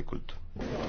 mõistlikult.